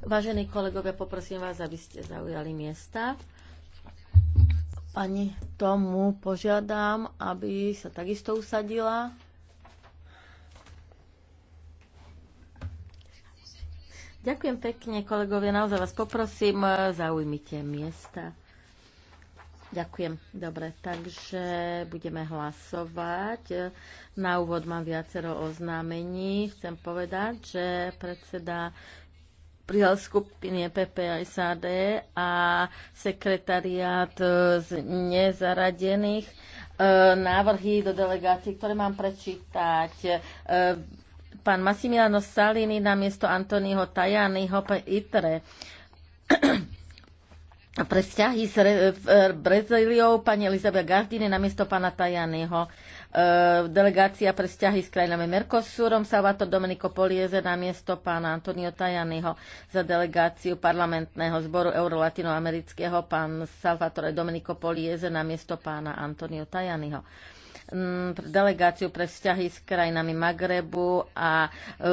Vážení kolegovia, poprosím vás, aby ste zaujali miesta. Pani Tomu požiadam, aby sa takisto usadila. Ďakujem pekne, kolegovia. Naozaj vás poprosím, e, zaujmite miesta. Ďakujem. Dobre, takže budeme hlasovať. Na úvod mám viacero oznámení. Chcem povedať, že predseda prijal skupiny PP e a SAD a e, z nezaradených e, návrhy do delegácií, ktoré mám prečítať pán Massimiliano Salini na miesto Antonyho Tajányho pre ITRE pre vzťahy s Re- e, Brazíliou pani Elizabeth Gardine na miesto pána Tajanyho. E, delegácia pre vzťahy s krajinami Mercosurom Salvator Domenico Polieze na miesto pána Antonio Tajanyho za delegáciu parlamentného zboru Eurolatinoamerického pán Salvatore Domenico Polieze na miesto pána Antonio E, Mm, delegáciu pre vzťahy s krajinami Magrebu a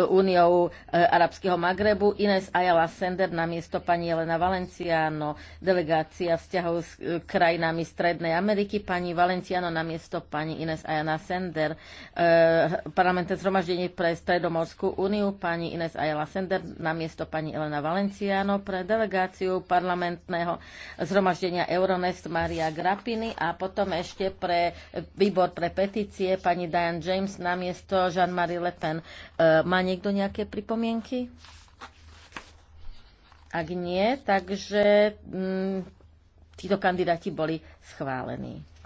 Úniou e, e, Arabského Magrebu. Ines Ayala Sender na miesto pani Elena Valenciano, delegácia vzťahov s e, krajinami Strednej Ameriky, pani Valenciano na miesto pani Ines Ayala Sender, parlamentné zhromaždenie pre Stredomorskú úniu, pani Ines Ayala Sender na miesto pani Elena Valenciano, pre delegáciu parlamentného zhromaždenia Euronest Maria Grapini a potom ešte pre výbor pre ústne petície pani Diane James na miesto Jean-Marie Le Pen. E, má niekto nejaké pripomienky? Ak nie, takže mm, títo kandidáti boli schválení.